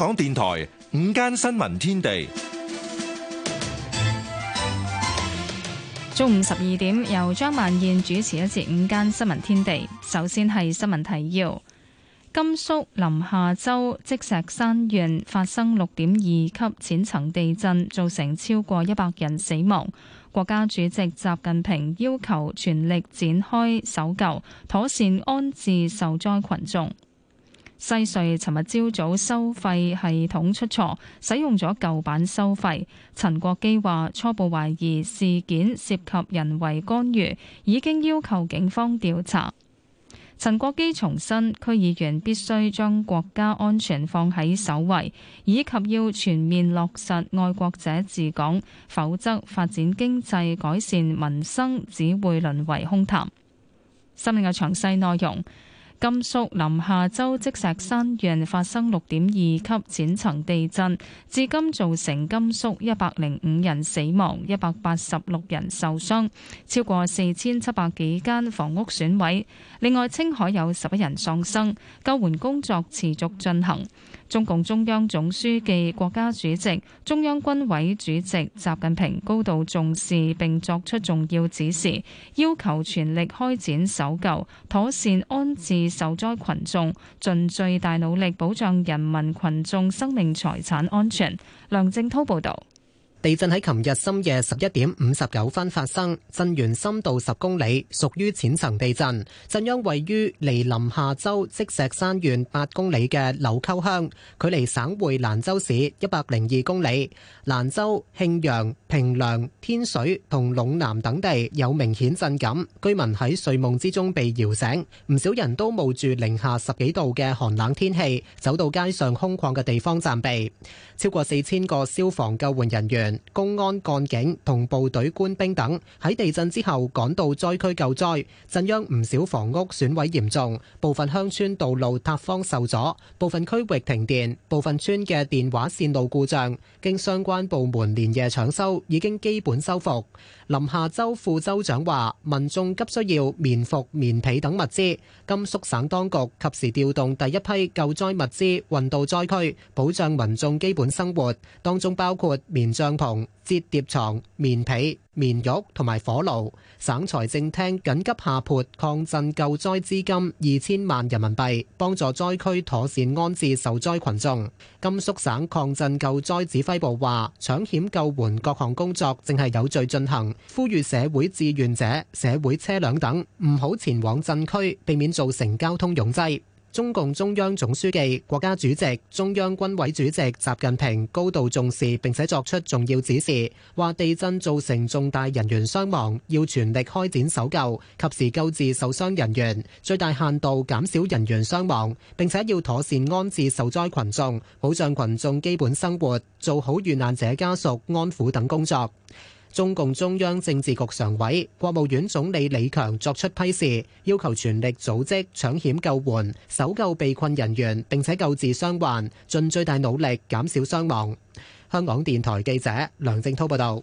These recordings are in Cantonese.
香港電台午間新聞天地，中午十二點由張曼燕主持一節午間新聞天地。首先係新聞提要：甘肅臨夏州積石山縣發生六點二級淺層地震，造成超過一百人死亡。國家主席習近平要求全力展開搜救，妥善安置受災群眾。西隧尋日朝早收費系統出錯，使用咗舊版收費。陳國基話初步懷疑事件涉及人為干預，已經要求警方調查。陳國基重申區議員必須將國家安全放喺首位，以及要全面落實愛國者治港，否則發展經濟改善民生只會淪為空談。新聞嘅詳細內容。甘肅臨夏州積石山縣發生六點二級淺層地震，至今造成甘肅一百零五人死亡、一百八十六人受傷，超過四千七百幾間房屋損毀。另外，青海有十一人喪生，救援工作持續進行。中共中央總書記、國家主席、中央軍委主席習近平高度重視並作出重要指示，要求全力開展搜救，妥善安置受災群眾，盡最大努力保障人民群眾生命財產安全。梁正滔報導。地震喺琴日深夜十一點五十九分發生，震源深度十公里，屬於淺層地震。震央位於離臨夏州積石山縣八公里嘅柳溝鄉，距離省會蘭州市一百零二公里。蘭州、慶陽、平涼、天水同隴南等地有明顯震感，居民喺睡夢之中被搖醒，唔少人都冒住零下十幾度嘅寒冷天氣，走到街上空曠嘅地方暫避。超過四千個消防救援人員、公安幹警同部隊官兵等喺地震之後趕到災區救災，震央唔少房屋損毀嚴重，部分鄉村道路塌方受阻，部分區域停電，部分村嘅電話綫路故障，經相關部門連夜搶修，已經基本修復。臨夏州副州長話：民眾急需要棉服、棉被等物資，甘肅省當局及時調動第一批救災物資運到災區，保障民眾基本生活，當中包括棉帳篷同摺疊床、棉被、棉褥同埋火爐。省財政廳緊急下撥抗震救災資金二千萬人民幣，幫助災區妥善安置受災群眾。甘肅省抗震救災指揮部話，搶險救援各項工作正係有序進行，呼籲社會志願者、社會車輛等唔好前往震區，避免造成交通擁擠。中共中央總書記、國家主席、中央軍委主席習近平高度重視，並且作出重要指示，話地震造成重大人員傷亡，要全力開展搜救，及時救治受傷人員，最大限度減少人員傷亡，並且要妥善安置受災群眾，保障群眾基本生活，做好遇難者家屬安撫等工作。中共中央政治局常委、國務院總理李強作出批示，要求全力組織搶險救援、搜救被困人員，並且救治傷患，盡最大努力減少傷亡。香港電台記者梁正濤報道，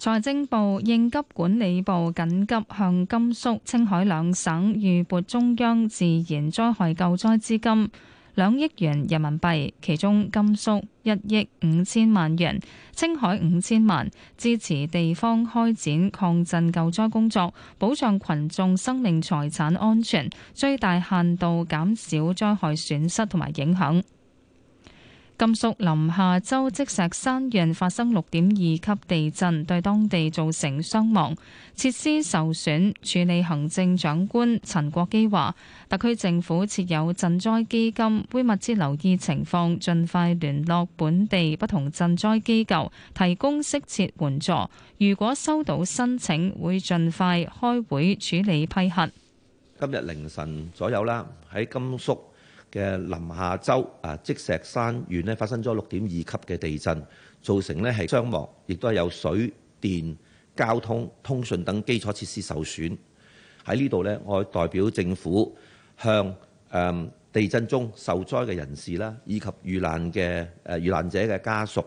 財政部應急管理部緊急向甘肅青海兩省預撥中央自然災害救災資金。兩億元人民幣，其中甘肅一億五千萬元，青海五千萬，支持地方開展抗震救災工作，保障群眾生命財產安全，最大限度減少災害損失同埋影響。甘肅臨夏州積石山縣發生六點二級地震，對當地造成傷亡、設施受損。署理行政長官陳國基話，特區政府設有賑災基金，會密切留意情況，盡快聯絡本地不同賑災機構提供適切援助。如果收到申請，會盡快開會處理批核。今日凌晨左右啦，喺甘肅。嘅臨夏州啊，積石山縣咧，發生咗六點二級嘅地震，造成咧係傷亡，亦都係有水電、交通、通訊等基礎設施受損。喺呢度咧，我代表政府向誒、嗯、地震中受災嘅人士啦，以及遇難嘅誒遇難者嘅家屬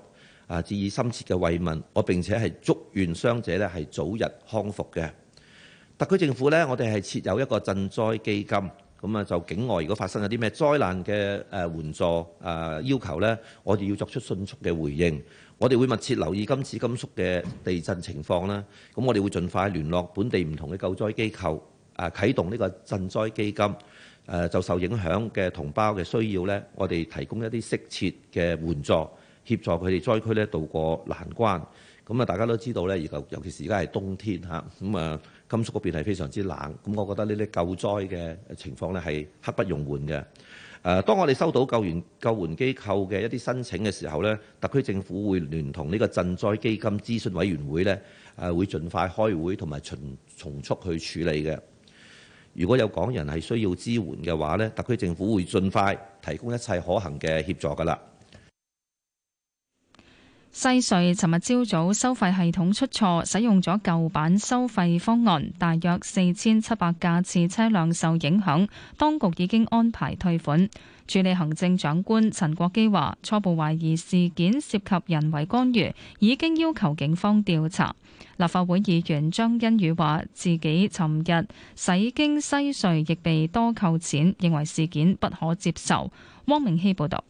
啊，致以深切嘅慰問，我並且係祝願傷者咧係早日康復嘅。特區政府咧，我哋係設有一個賑災基金。咁啊，就境外如果發生有啲咩災難嘅誒援助誒、呃、要求咧，我哋要作出迅速嘅回應，我哋會密切留意今次甘肅嘅地震情況啦。咁我哋會盡快聯絡本地唔同嘅救災機構啊，啟、呃、動呢個賑災基金。誒、呃、就受影響嘅同胞嘅需要咧，我哋提供一啲適切嘅援助，協助佢哋災區咧渡過難關，咁啊，大家都知道咧，而尤其是而家係冬天吓，咁啊。甘肅嗰邊係非常之冷，咁我覺得呢啲救災嘅情況咧係刻不容緩嘅。誒，當我哋收到救援救援機構嘅一啲申請嘅時候呢，特區政府會聯同呢個賑災基金諮詢委員會呢，誒會盡快開會同埋從從速去處理嘅。如果有港人係需要支援嘅話呢，特區政府會盡快提供一切可行嘅協助㗎喇。西隧尋日朝早收費系統出錯，使用咗舊版收費方案，大約四千七百架次車輛受影響。當局已經安排退款。署理行政長官陳國基話：初步懷疑事件涉及人為干預，已經要求警方調查。立法會議員張欣宇話：自己尋日駛經西隧亦被多扣錢，認為事件不可接受。汪明希報導。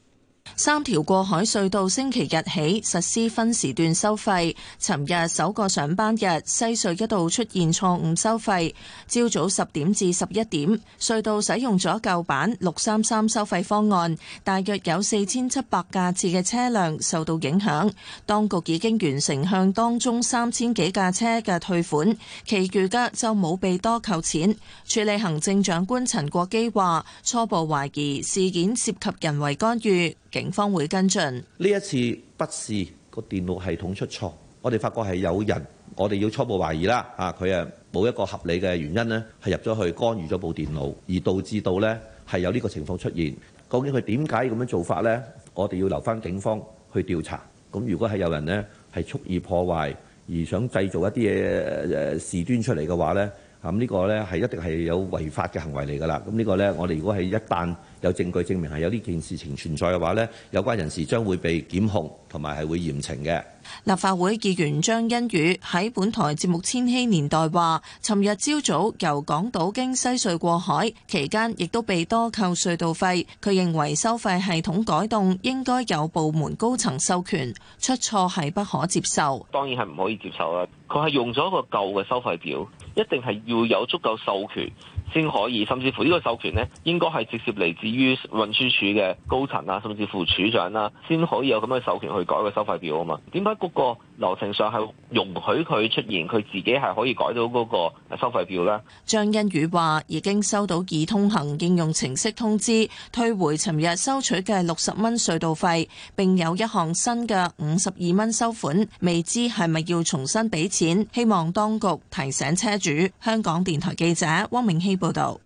三條過海隧道星期日起實施分時段收費。尋日首個上班日，西隧一度出現錯誤收費。朝早十點至十一點，隧道使用咗舊版六三三收費方案，大約有四千七百架次嘅車輛受到影響。當局已經完成向當中三千幾架車嘅退款，其餘家就冇被多扣錢。署理行政長官陳國基話，初步懷疑事件涉及人為干預。警方會跟進。呢一次不是個電腦系統出錯，我哋發覺係有人，我哋要初步懷疑啦。啊，佢啊冇一個合理嘅原因呢係入咗去干預咗部電腦，而導致到呢係有呢個情況出現。究竟佢點解咁樣做法呢？我哋要留翻警方去調查。咁如果係有人呢係蓄意破壞而想製造一啲嘢事端出嚟嘅話呢，咁呢個呢係一定係有違法嘅行為嚟㗎啦。咁呢個呢，我哋如果係一旦有證據證明係有呢件事情存在嘅話，呢有關人士將會被檢控，同埋係會嚴懲嘅。立法會議員張欣宇喺本台節目《千禧年代》話，尋日朝早由港島經西隧過海期間，亦都被多扣隧道費。佢認為收費系統改動應該有部門高層授權，出錯係不可接受。當然係唔可以接受啦！佢係用咗一個舊嘅收費表，一定係要有足夠授權。先可以，甚至乎呢個授權咧，應該係直接嚟自於運輸署嘅高層啊，甚至乎署長啦先可以有咁嘅授權去改個收費表啊嘛。點解嗰個流程上係容許佢出現，佢自己係可以改到嗰個收費表咧？張欣宇話，已經收到易通行應用程式通知，退回尋日收取嘅六十蚊隧道費，並有一項新嘅五十二蚊收款，未知係咪要重新俾錢，希望當局提醒車主。香港電台記者汪明希。報道：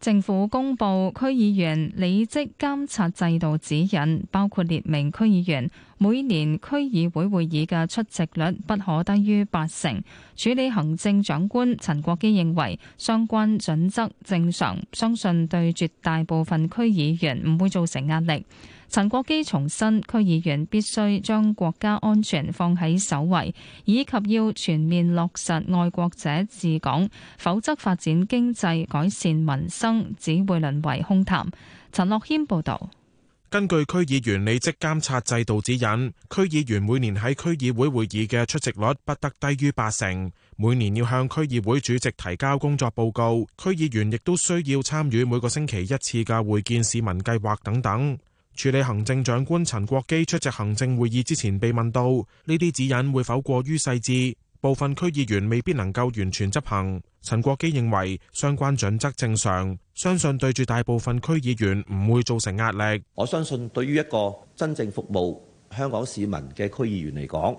政府公布區議員履職監察制度指引，包括列明區議員每年區議會會議嘅出席率不可低於八成。署理行政長官陳國基認為，相關準則正常，相信對絕大部分區議員唔會造成壓力。陳國基重申，區議員必須將國家安全放喺首位，以及要全面落實愛國者治港，否則發展經濟、改善民生只會淪為空談。陳樂謙報道。根據區議員履職監察制度指引，區議員每年喺區議會會議嘅出席率不得低於八成，每年要向區議會主席提交工作報告。區議員亦都需要參與每個星期一次嘅會見市民計劃等等。處理行政長官陳國基出席行政會議之前，被問到呢啲指引會否過於細緻，部分區議員未必能夠完全執行。陳國基認為相關準則正常，相信對住大部分區議員唔會造成壓力。我相信對於一個真正服務香港市民嘅區議員嚟講，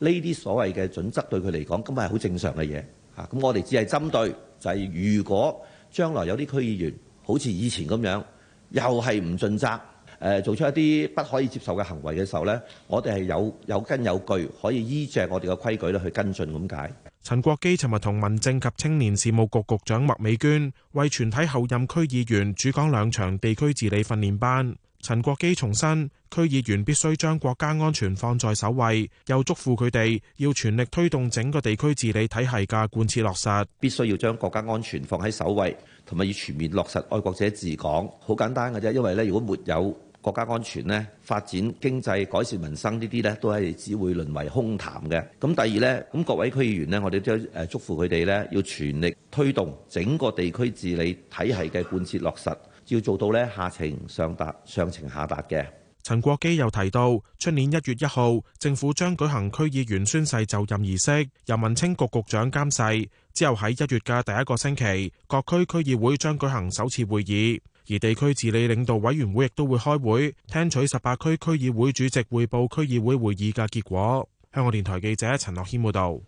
呢啲所謂嘅準則對佢嚟講，今日係好正常嘅嘢。吓咁，我哋只係針對就係如果將來有啲區議員好似以前咁樣，又係唔盡責。誒做出一啲不可以接受嘅行為嘅時候呢，我哋係有有根有據可以依着我哋嘅規矩去跟進咁解。陳國基尋日同民政及青年事務局局，局長麥美娟為全體候任區議員主講兩場地區治理訓練班。陳國基重申，區議員必須將國家安全放在首位，又囑咐佢哋要全力推動整個地區治理體系嘅貫徹落實。必須要將國家安全放喺首位，同埋要全面落實愛國者治港。好簡單嘅啫，因為呢，如果沒有國家安全咧、發展經濟、改善民生呢啲咧，都係只會淪為空談嘅。咁第二呢，咁各位區議員呢，我哋都誒祝福佢哋呢，要全力推動整個地區治理體系嘅貫徹落實，要做到呢，下情上達、上情下達嘅。陳國基又提到，出年一月一號，政府將舉行區議員宣誓就任儀式，由民政局局長監誓。之後喺一月嘅第一個星期，各區區議會將舉行首次會議。而地區治理領導委員會亦都會開會，聽取十八區區議會主席匯報區議會會議嘅結果。香港電台記者陳樂軒報道。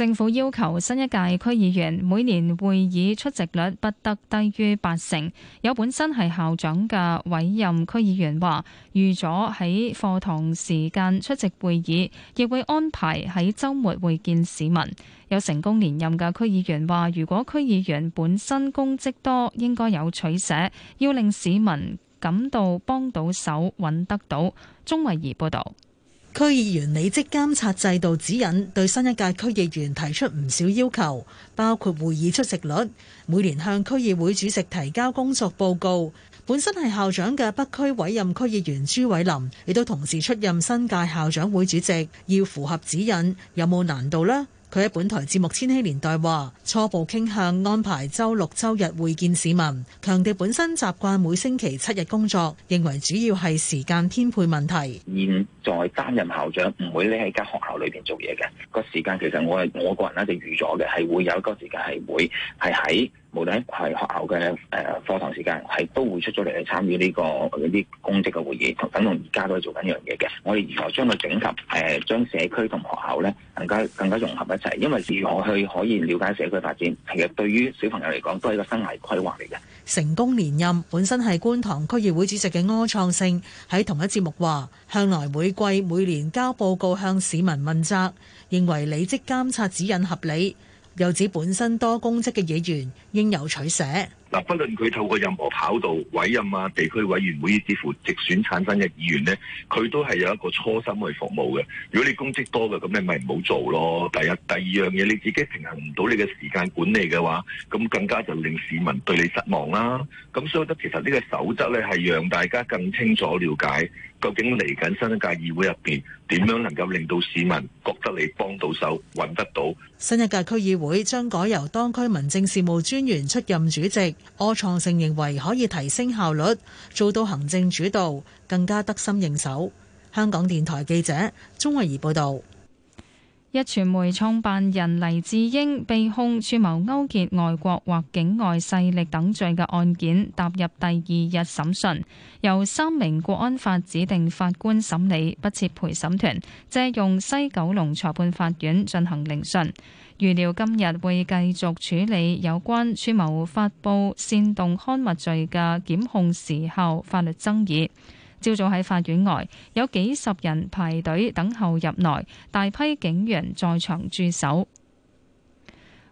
政府要求新一屆區議員每年會議出席率不得低於八成。有本身係校長嘅委任區議員話，預咗喺課堂時間出席會議，亦會安排喺周末會見市民。有成功連任嘅區議員話，如果區議員本身公職多，應該有取捨，要令市民感到幫到手，揾得到。鍾慧儀報道。區議員履職監察制度指引對新一屆區議員提出唔少要求，包括會議出席率，每年向區議會主席提交工作報告。本身係校長嘅北區委任區議員朱偉林，亦都同時出任新界校長會主席，要符合指引，有冇難度呢？佢喺本台節目《千禧年代》話初步傾向安排周六周日會見市民，強調本身習慣每星期七日工作，認為主要係時間編配問題。現在擔任校長唔會匿喺間學校裏邊做嘢嘅。個時間其實我係我個人咧就預咗嘅，係會有一個時間係會係喺。無論係學校嘅誒課堂時間，係都會出咗嚟去參與呢個一啲公職嘅會議，等同而家都係做緊一樣嘢嘅。我哋如何將佢整合誒，將社區同學校咧更加更加融合一齊，因為如何去可以了解社區發展，其實對於小朋友嚟講都係一個生涯規劃嚟嘅。成功連任本身係觀塘區議會主席嘅柯創盛喺同一節目話，向來每季每年交報告向市民問責，認為履職監察指引合理。又指本身多公職嘅議員應有取捨。嗱，不論佢透過任何跑道委任啊、地區委員會甚至乎直選產生嘅議員咧，佢都係有一個初心去服務嘅。如果你公職多嘅，咁你咪唔好做咯。第一、第二樣嘢，你自己平衡唔到你嘅時間管理嘅話，咁更加就令市民對你失望啦。咁所以覺得其實呢個守則咧，係讓大家更清楚了解，究竟嚟緊新一屆議會入邊點樣能夠令到市民覺得你幫到手、搵得到。新一屆區議會將改由當區民政事務專員出任主席。我創性認為可以提升效率，做到行政主導，更加得心應手。香港電台記者鍾慧儀報道。一傳媒創辦人黎智英被控串謀勾結外國或境外勢力等罪嘅案件，踏入第二日審訊，由三名國安法指定法官審理，不設陪審團，借用西九龍裁判法院進行聆訊。預料今日會繼續處理有關串謀發布煽動刊物罪嘅檢控時效法律爭議。朝早喺法院外有幾十人排隊等候入內，大批警員在場駐守。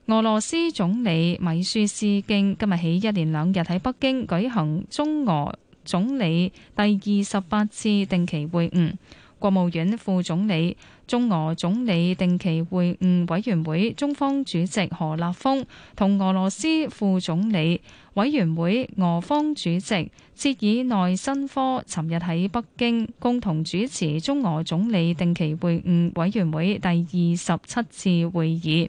俄羅斯總理米舒斯京今日起一連兩日喺北京舉行中俄總理第二十八次定期會晤。國務院副總理、中俄總理定期會晤委員會中方主席何立峰同俄羅斯副總理、委員會俄方主席切爾內申科，尋日喺北京共同主持中俄總理定期會晤委員會第二十七次會議。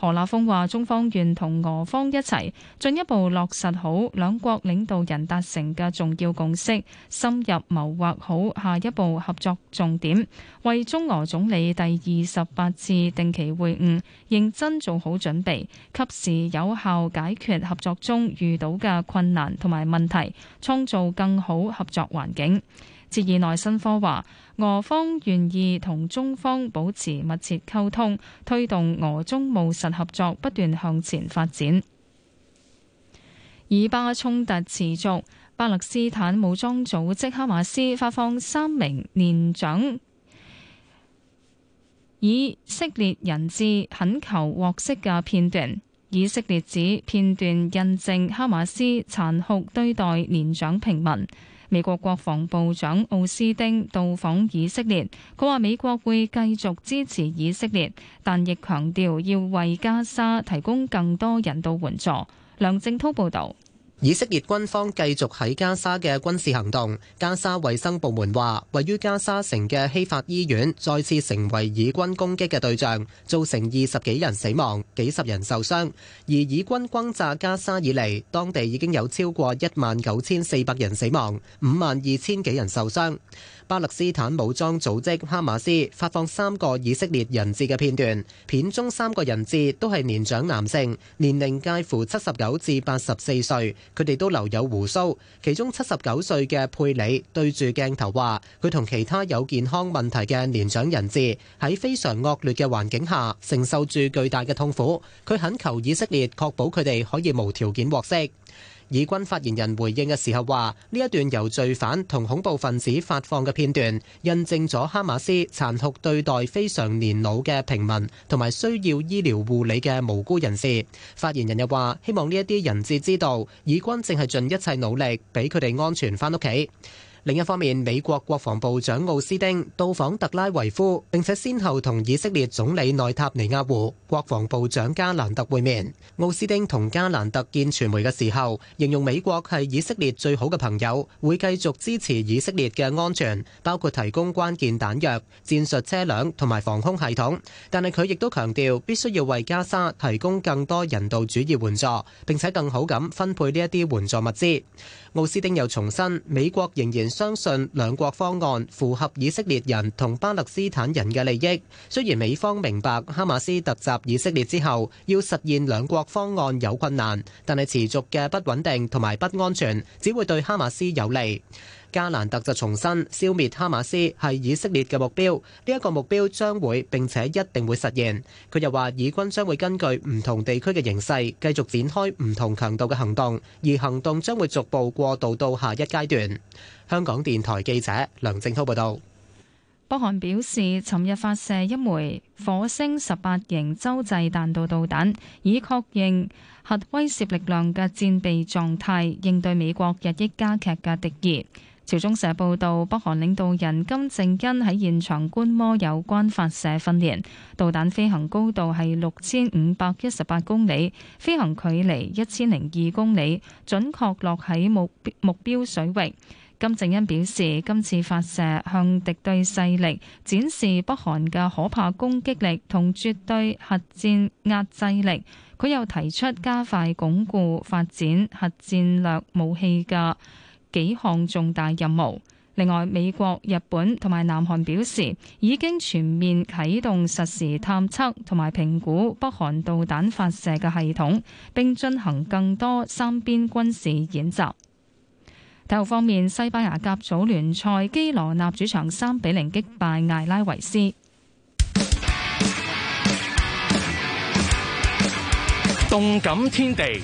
何立峰話，中方願同俄方一齊進一步落實好兩國領導人達成嘅重要共識，深入謀劃好下一步合作重點，為中俄總理第二十八次定期會晤認真做好準備，及時有效解決合作中遇到嘅困難同埋問題，創造更好合作環境。捷爾內申科話：俄方願意同中方保持密切溝通，推動俄中務實合作不斷向前發展。以巴衝突持續，巴勒斯坦武裝組織哈馬斯發放三名年長以色列人質懇求獲釋嘅片段。以色列指片段印證哈馬斯殘酷對待年長平民。美國國防部長奧斯汀到訪以色列，佢話美國會繼續支持以色列，但亦強調要為加沙提供更多人道援助。梁正濤報道。以色列軍方繼續喺加沙嘅軍事行動。加沙衛生部門話，位於加沙城嘅希法醫院再次成為以軍攻擊嘅對象，造成二十幾人死亡、幾十人受傷。而以軍轟炸加沙以嚟，當地已經有超過一萬九千四百人死亡、五萬二千幾人受傷。巴勒斯坦武裝組織哈馬斯發放三個以色列人質嘅片段，片中三個人質都係年長男性，年齡介乎七十九至八十四歲。佢哋都留有鬍鬚，其中七十九歲嘅佩里對住鏡頭話，佢同其他有健康問題嘅年長人質喺非常惡劣嘅環境下承受住巨大嘅痛苦。佢懇求以色列確保佢哋可以無條件獲釋。以軍發言人回應嘅時候話：呢一段由罪犯同恐怖分子發放嘅片段，印證咗哈馬斯殘酷對待非常年老嘅平民同埋需要醫療護理嘅無辜人士。發言人又話：希望呢一啲人質知道，以軍正係盡一切努力，俾佢哋安全返屋企。另一方面，美國國防部長奧斯丁到訪特拉維夫，並且先後同以色列總理內塔尼亞胡、國防部長加蘭特會面。奧斯丁同加蘭特見傳媒嘅時候，形容美國係以色列最好嘅朋友，會繼續支持以色列嘅安全，包括提供關鍵彈藥、戰術車輛同埋防空系統。但係佢亦都強調，必須要為加沙提供更多人道主義援助，並且更好咁分配呢一啲援助物資。奧斯丁又重申，美國仍然相信兩國方案符合以色列人同巴勒斯坦人嘅利益。雖然美方明白哈馬斯突襲以色列之後，要實現兩國方案有困難，但係持續嘅不穩定同埋不安全，只會對哈馬斯有利。加蘭特就重申，消滅哈馬斯係以色列嘅目標，呢、這、一個目標將會並且一定會實現。佢又話，以軍將會根據唔同地區嘅形勢，繼續展開唔同強度嘅行動，而行動將會逐步過渡到下一階段。香港電台記者梁正滔報道，北韓表示，尋日發射一枚火星十八型洲際彈道導彈，以確認核威懾力量嘅戰備狀態，應對美國日益加劇嘅敵意。朝中社報道，北韓領導人金正恩喺現場觀摩有關發射訓練，導彈飛行高度係六千五百一十八公里，飛行距離一千零二公里，準確落喺目目標水域。金正恩表示，今次發射向敵對勢力展示北韓嘅可怕攻擊力同絕對核戰壓制力。佢又提出加快鞏固發展核戰略武器嘅幾項重大任務。另外，美國、日本同埋南韓表示，已經全面啟動實時探測同埋評估北韓導彈發射嘅系統，並進行更多三邊軍事演習。體育方面，西班牙甲組聯賽基羅納主場三比零擊敗艾拉維斯。動感天地。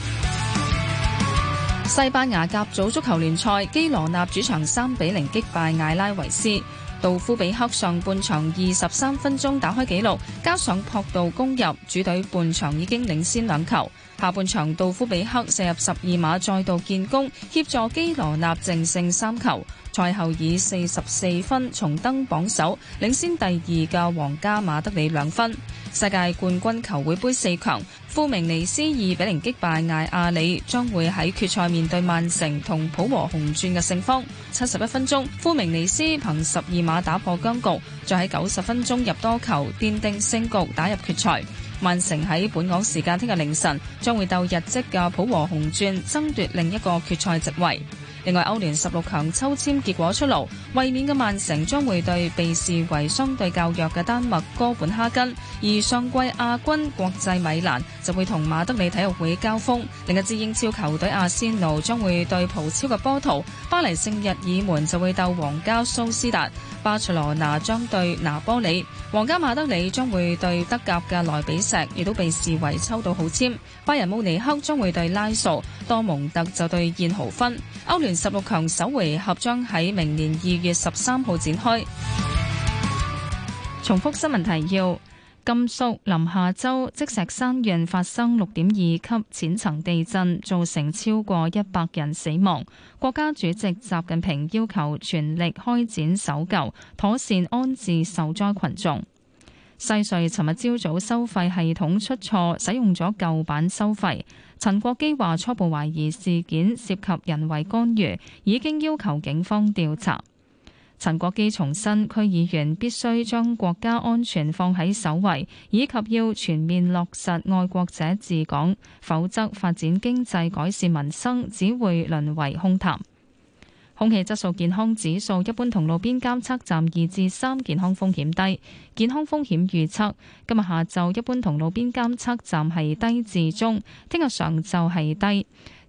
西班牙甲組足球聯賽基羅納主場三比零擊敗艾拉維斯。杜夫比克上半場二十三分鐘打開紀錄，加上朴道攻入，主隊半場已經領先兩球。下半場，杜夫比克射入十二碼，再度建功，協助基羅納淨勝三球，賽後以四十四分重登榜首，領先第二嘅皇家馬德里兩分。世界冠軍球會杯四強，富明尼斯二比零擊敗艾阿里，將會喺決賽面對曼城同普和紅鑽嘅勝方。七十一分鐘，富明尼斯憑十二碼打破僵局，再喺九十分鐘入多球，奠定勝局，打入決賽。曼城喺本港時間聽日凌晨將會鬥日職嘅浦和紅鑽，爭奪另一個決賽席位。另外歐聯十六強抽籤結果出爐，衛冕嘅曼城將會對被視為相對較弱嘅丹麥哥本哈根，而上季亞軍國際米蘭就會同馬德里體育會交鋒，另一支英超球隊阿仙奴將會對葡超嘅波圖，巴黎聖日耳門就會鬥皇家蘇斯達，巴塞羅那將對拿波里，皇家馬德里將會對德甲嘅萊比錫，亦都被視為抽到好籤，拜仁慕尼克將會對拉素，多蒙特就對燕豪芬，歐聯。十六強首回合將喺明年二月十三號展開。重複新聞提要：甘肅臨夏州積石山縣發生六點二級淺層地震，造成超過一百人死亡。國家主席習近平要求全力開展搜救，妥善安置受災群眾。西隧尋日朝早收費系統出錯，使用咗舊版收費。陳國基話初步懷疑事件涉及人為干預，已經要求警方調查。陳國基重申，區議員必須將國家安全放喺首位，以及要全面落實愛國者治港，否則發展經濟、改善民生只會淪為空談。空氣質素健康指數一般同路邊監測站，二至三，健康風險低。健康風險預測今日下晝一般同路邊監測站係低至中，聽日上晝係低。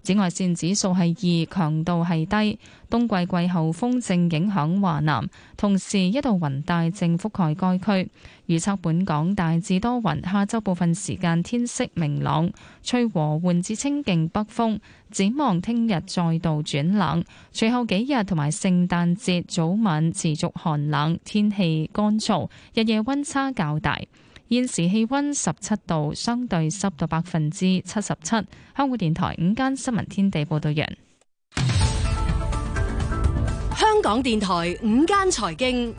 紫外線指數係二，強度係低。冬季季候風正影響華南，同時一道雲帶正覆蓋該區。預測本港大致多雲，下週部分時間天色明朗，吹和緩至清勁北風。展望聽日再度轉冷，隨後幾日同埋聖誕節早晚持續寒冷，天氣乾燥，日夜温差較大。現時氣溫十七度，相對濕度百分之七十七。香港電台午間新聞天地報道員，香港電台午間財經，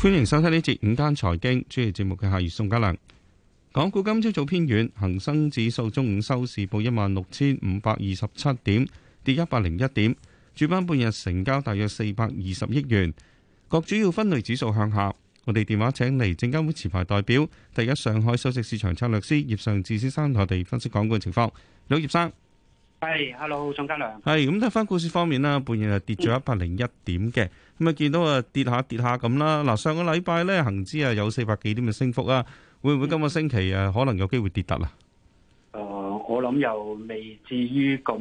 歡迎收聽呢節午間財經，主持節目嘅係宋嘉良。港股今朝早偏軟，恒生指數中午收市報一萬六千五百二十七點，跌一百零一點。主板半日成交大約四百二十億元。各主要分類指數向下，我哋電話請嚟證監會持牌代表，第一上海首席市場策略師葉尚志先生，同我哋分析港股嘅情況。葉葉生，係，hello，鍾嘉良，係，咁睇翻股市方面啦，半日係跌咗一百零一點嘅，咁啊見到啊跌下跌下咁啦。嗱，上個禮拜咧恒指啊有四百幾點嘅升幅啊，會唔會今個星期啊可能有機會跌突啊？誒、uh,，我諗又未至於咁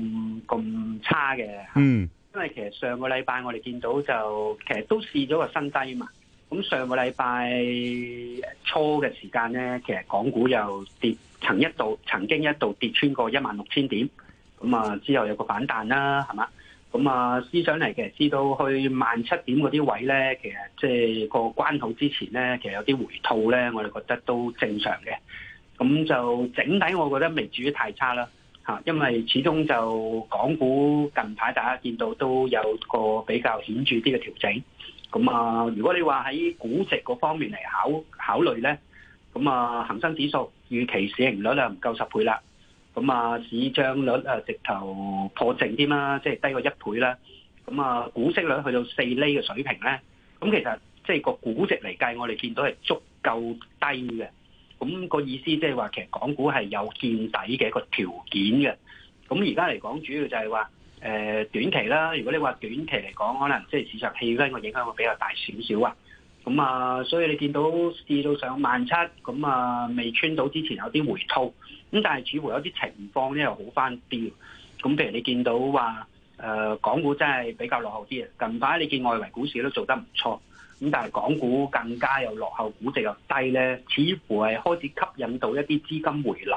咁差嘅，嗯。因為其實上個禮拜我哋見到就其實都試咗個新低嘛，咁上個禮拜初嘅時間咧，其實港股又跌，曾一度曾經一度跌穿過一萬六千點，咁啊之後有個反彈啦，係嘛，咁啊試上嚟嘅，其實試到去萬七點嗰啲位咧，其實即係個關口之前咧，其實有啲回吐咧，我哋覺得都正常嘅，咁就整體我覺得未至於太差啦。因為始終就港股近排大家見到都有個比較顯著啲嘅調整，咁啊如果你話喺估值嗰方面嚟考考慮咧，咁啊恒生指數預期市盈率啊唔夠十倍啦，咁啊市賬率啊直頭破淨啲啦，即係低過一倍啦，咁啊股息率去到四厘嘅水平咧，咁其實即係個估值嚟計，我哋見到係足夠低嘅。咁、嗰個意思即係話，其實港股係有見底嘅一個條件嘅。咁而家嚟講，主要就係話、呃，短期啦。如果你話短期嚟講，可能即係市場氣氛個影響會比較大少少啊。咁啊，所以你見到試到上萬七，咁啊未穿到之前有啲回吐。咁但係似乎有啲情況咧又好翻啲。咁譬如你見到話、呃，港股真係比較落後啲啊。近排你見外圍股市都做得唔錯。咁但係港股更加又落後，估值又低咧，似乎係開始吸引到一啲資金回流。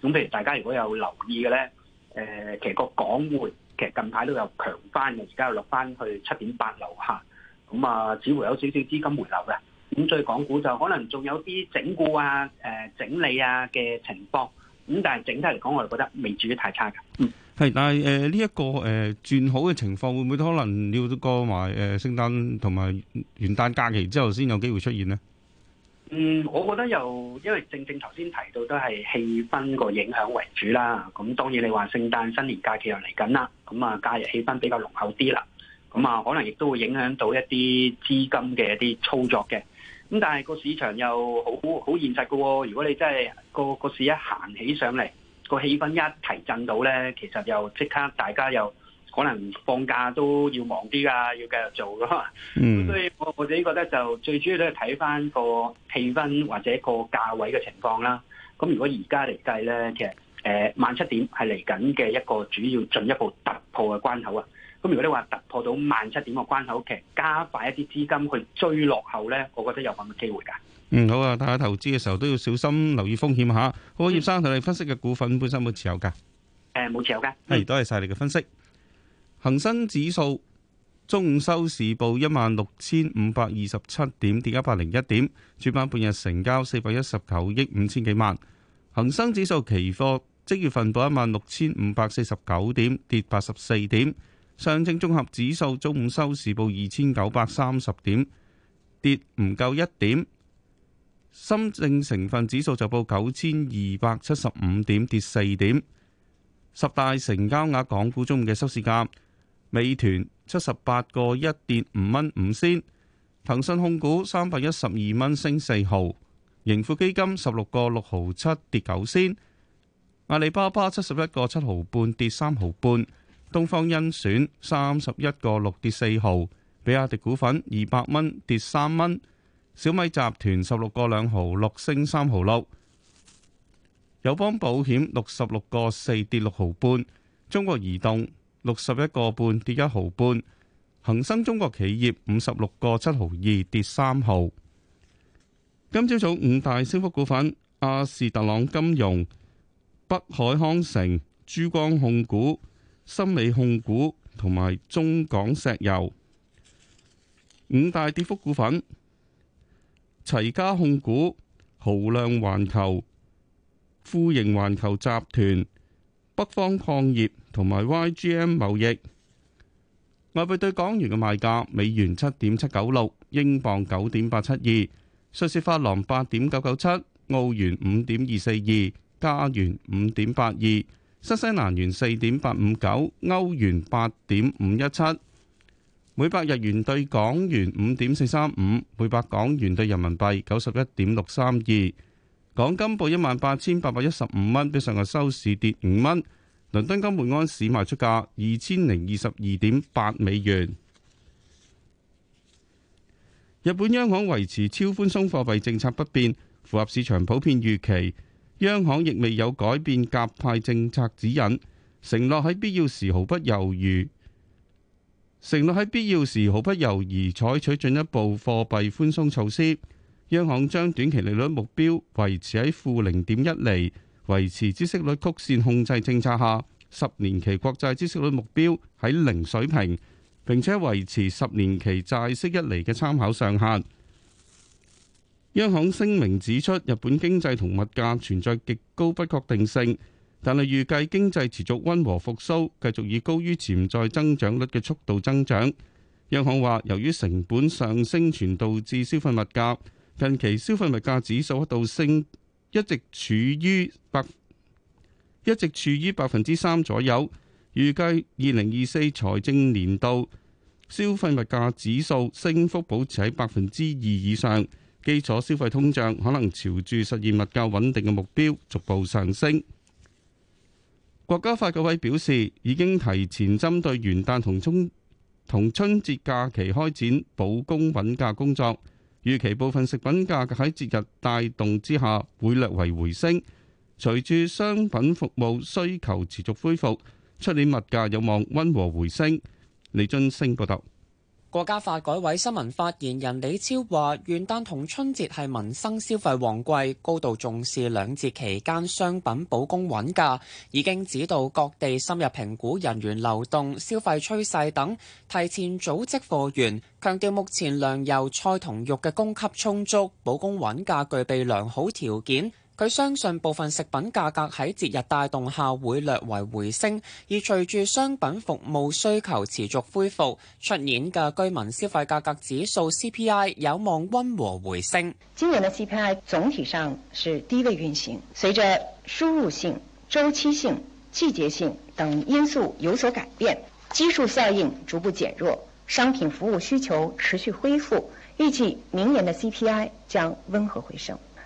咁譬如大家如果有留意嘅咧，誒其實個港匯其實近排都有強翻嘅，而家又落翻去七點八樓下。咁啊，似乎有少少資金回流嘅。咁所以港股就可能仲有啲整固啊、誒整理啊嘅情況。咁但係整體嚟講，我哋覺得未至於太差㗎。嗯。係，但係誒呢一個誒、呃、轉好嘅情況，會唔會都可能要過埋誒聖誕同埋元旦假期之後先有機會出現呢？嗯，我覺得又因為正正頭先提到都係氣氛個影響為主啦。咁當然你話聖誕新年假期又嚟緊啦，咁啊假日氣氛比較濃厚啲啦，咁啊可能亦都會影響到一啲資金嘅一啲操作嘅。咁但係個市場又好好，好現實噶、哦，如果你真係個個市一行起上嚟，個氣氛一提振到咧，其實又即刻大家又可能放假都要忙啲噶，要繼續做噶、mm. 所以我我自己覺得就最主要都係睇翻個氣氛或者個價位嘅情況啦。咁如果而家嚟計咧，其實誒萬七點係嚟緊嘅一個主要進一步突破嘅關口啊。咁如果你話突破到萬七點嘅關口，其實加快一啲資金去追落後咧，我覺得有咁嘅機會噶。嗯，好啊！大家投資嘅時候都要小心，留意風險吓。好啊，葉生同、嗯、你分析嘅股份本身冇持有噶。誒，冇持有噶。嗯，多謝晒你嘅分析。恒生指數中午收市報一萬六千五百二十七點，跌一百零一點。主板半日成交四百一十九億五千幾萬。恒生指數期貨即月份報一萬六千五百四十九點，跌八十四點。上證綜合指數中午收市報二千九百三十點，跌唔夠一點。深證成分指數就報九千二百七十五點，跌四點。十大成交額港股中嘅收市價：美團七十八個一跌五蚊五仙，騰訊控股三百一十二蚊升四毫，盈富基金十六個六毫七跌九仙，阿里巴巴七十一個七毫半跌三毫半，東方甄選三十一個六跌四毫，比亞迪股份二百蚊跌三蚊。小米集團十六個兩毫六升三毫六，友邦保險六十六個四跌六毫半，中國移動六十一個半跌一毫半，恒生中國企業五十六個七毫二跌三毫。今朝早五大升幅股份：亞士特朗金融、北海康城、珠江控股、深美控股同埋中港石油。五大跌幅股份。齊家控股、豪亮環球、富盈環球集團、北方礦業同埋 YGM 貿易。外匯對港元嘅賣價：美元七點七九六，英鎊九點八七二，瑞士法郎八點九九七，澳元五點二四二，加元五點八二，新西蘭元四點八五九，歐元八點五一七。每百日元對港元五點四三五，每百港元對人民幣九十一點六三二。港金報一萬八千八百一十五蚊，比上日收市跌五蚊。倫敦金每盎司賣出價二千零二十二點八美元。日本央行維持超寬鬆貨幣政策不變，符合市場普遍預期。央行亦未有改變鴿派政策指引，承諾喺必要時毫不猶豫承諾喺必要時毫不猶豫採取進一步貨幣寬鬆措施，央行將短期利率目標維持喺負零點一厘，維持孳息率曲線控制政策下，十年期國債孳息率目標喺零水平，並且維持十年期債息一厘嘅參考上限。央行聲明指出，日本經濟同物價存在極高不確定性。但係，預計經濟持續溫和復甦，繼續以高於潛在增長率嘅速度增長。央行話，由於成本上升傳導致消費物價，近期消費物價指數一度升，一直處於百一直處於百分之三左右。預計二零二四財政年度消費物價指數升幅保持喺百分之二以上，基礎消費通脹可能朝住實現物價穩定嘅目標逐步上升。國家發改委表示，已經提前針對元旦同春同春節假期開展保供穩價工作，預期部分食品價格喺節日帶動之下會略為回升。隨住商品服務需求持續恢復，出年物價有望溫和回升。李津升報道。國家發改委新聞發言人李超話：元旦同春節係民生消費旺季，高度重視兩節期間商品保供穩價，已經指導各地深入評估人員流動、消費趨勢等，提前組織貨源。強調目前糧油、菜同肉嘅供給充足，保供穩價具備良好條件。佢相信部分食品價格喺節日帶動下會略為回升，而隨住商品服務需求持續恢復，出年嘅居民消費價格指數 CPI 有望溫和回升。今年的 CPI 總體上是低位運行，隨着輸入性、週期性、季節性等因素有所改變，基數效應逐步減弱，商品服務需求持續恢復，預計明年的 CPI 將溫和回升。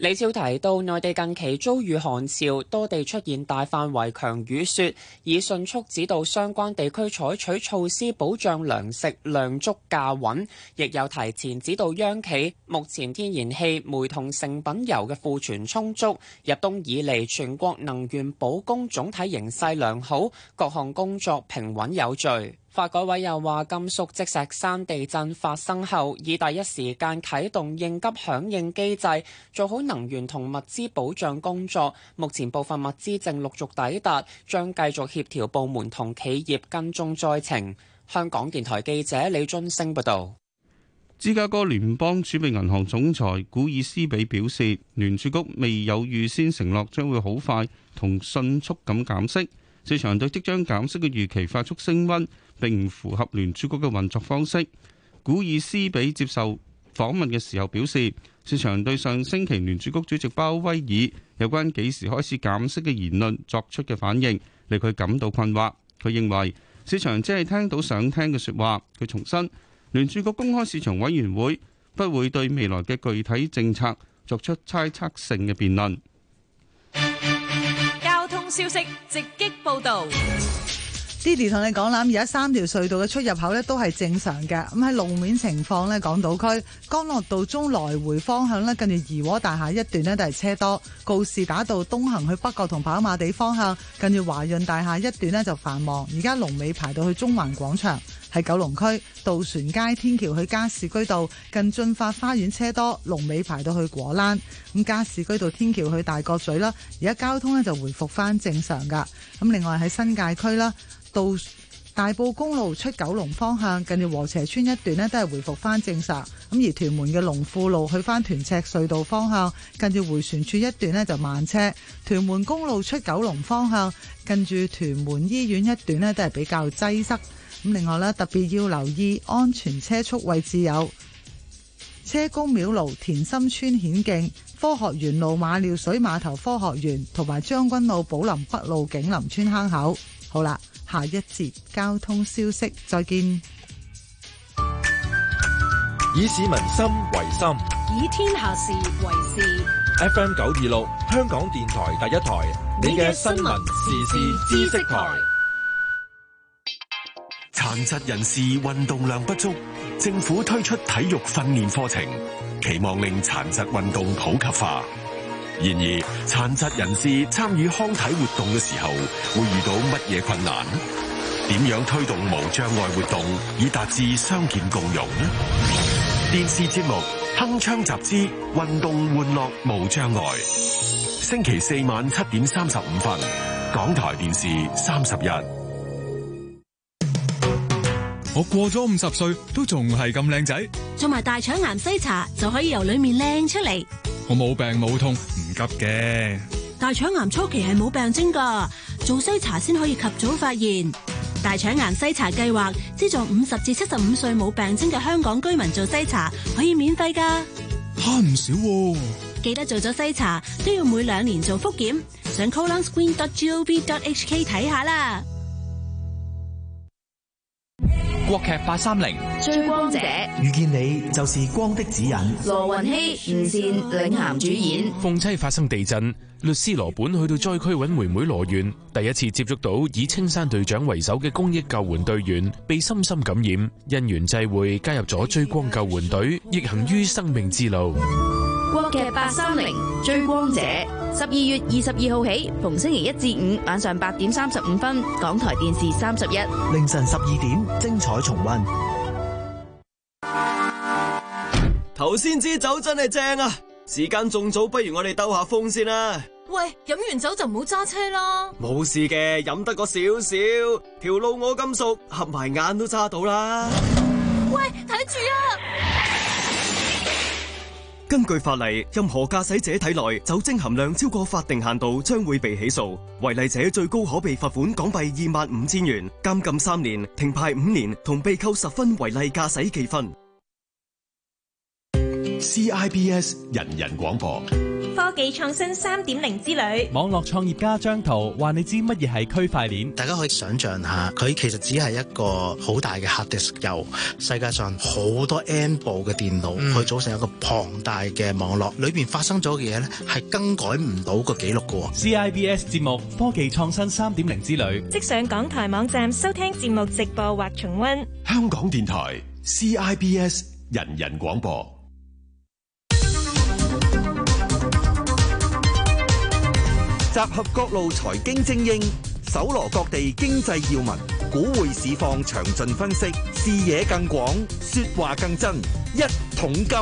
李超提到，內地近期遭遇寒潮，多地出現大範圍強雨雪，已迅速指導相關地區採取措施保障糧食量足價穩；亦有提前指導央企，目前天然氣、煤同成品油嘅庫存充足。入冬以嚟，全國能源保供總體形勢良好，各項工作平穩有序。發改委又話，甘肅積石山地震發生後，已第一時間啟動應急響應機制，做好能源同物資保障工作，目前部分物資正陸續抵達，將繼續協調部門同企業跟蹤災情。香港電台記者李津升報道。芝加哥聯邦儲備銀行總裁古爾斯比表示，聯儲局未有預先承諾將會好快同迅速咁減息，市場對即將減息嘅預期發酵升溫，並唔符合聯儲局嘅運作方式。古爾斯比接受。訪問嘅時候表示，市場對上星期聯儲局主席鮑威爾有關幾時開始減息嘅言論作出嘅反應，令佢感到困惑。佢認為市場只係聽到想聽嘅說話。佢重申，聯儲局公開市場委員會不會對未來嘅具體政策作出猜測性嘅辯論。交通消息直擊報道。Didi 同你講，啦而家三條隧道嘅出入口咧都係正常嘅。咁喺路面情況咧，港島區干諾道中來回方向咧，近住怡和大廈一段咧都係車多；告士打道東行去北角同跑馬地方向，近住華潤大廈一段咧就繁忙。而家龍尾排到去中環廣場。喺九龍區渡船街天橋去加士居道，近駿發花園車多，龍尾排到去果欄。咁加士居道天橋去大角咀啦。而家交通呢就回復翻正常噶。咁另外喺新界區啦，到大埔公路出九龍方向，近住和斜村一段呢都係回復翻正常。咁而屯門嘅龍富路去翻屯赤隧道方向，近住回旋處一段呢就慢車。屯門公路出九龍方向，近住屯門醫院一段呢都係比較擠塞。咁另外咧，特別要留意安全車速位置有車公廟路、田心村顯徑、科學園路馬料水碼頭、科學園同埋將軍路寶林北路景林村坑口。好啦，下一節交通消息，再見。以市民心為心，以天下事為事。FM 九二六，香港電台第一台，你嘅新聞時事知識台。殘疾人士運動量不足，政府推出體育訓練課程，期望令殘疾運動普及化。然而，殘疾人士參與康體活動嘅時候，會遇到乜嘢困難呢？點樣推動無障礙活動以達至傷健共融呢？電視節目《鏗鏘集之》運動玩樂無障礙，星期四晚七點三十五分，港台電視三十一。我過咗五十歲都仲係咁靚仔，做埋大腸癌篩查就可以由裏面靚出嚟。我冇病冇痛，唔急嘅。大腸癌初期係冇病徵噶，做篩查先可以及早發現。大腸癌篩查計劃資助五十至七十五歲冇病徵嘅香港居民做篩查，可以免費噶。慳唔少。記得做咗篩查都要每兩年做複檢，上 colonscreen.gov.hk 睇下啦。國劇八三零，追光者，遇見你就是光的指引。羅雲熙吳倩領銜主演。鳳棲發生地震，律師羅本去到災區揾妹妹羅源。第一次接觸到以青山隊長為首嘅公益救援隊員，被深深感染。因緣際會加入咗追光救援隊，逆行於生命之路。國劇《八三零追光者》十二月二十二號起，逢星期一至五晚上八點三十五分，港台電視三十一，凌晨十二點精彩重温。頭先支酒真係正啊！時間仲早，不如我哋兜下風先啦。喂，飲完酒就唔好揸車囉。冇事嘅，飲得個少少，條路我咁熟，合埋眼都揸到啦。喂，睇住啊！根據法例，任何駕駛者體內酒精含量超過法定限度，將會被起訴。違例者最高可被罰款港幣二萬五千元、監禁三年、停牌五年同被扣十分違例駕駛記分。CIBS 人人廣播。科技創新三點零之旅，網絡創業家張濤話：你知乜嘢係區塊鏈？大家可以想象下，佢其實只係一個好大嘅 hard disk，由世界上好多 n 部嘅電腦去組成一個龐大嘅網絡，裏邊發生咗嘅嘢咧係更改唔到個記錄噶。CIBS 節目科技創新三點零之旅，即上港台網站收聽節目直播或重溫。香港電台 CIBS 人人廣播。集合各路財經精英，搜羅各地經濟要聞，股匯市況詳盡分析，視野更廣，說話更真。一桶金，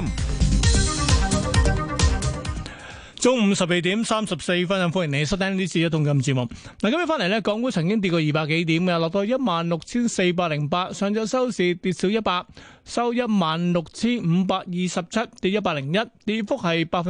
中午十二點三十四分，歡迎你收聽呢次一桶金節目。嗱，今日翻嚟咧，港股曾經跌過二百幾點嘅，落到一萬六千四百零八，上晝收市跌少一百，收一萬六千五百二十七，跌一百零一，跌幅係百分。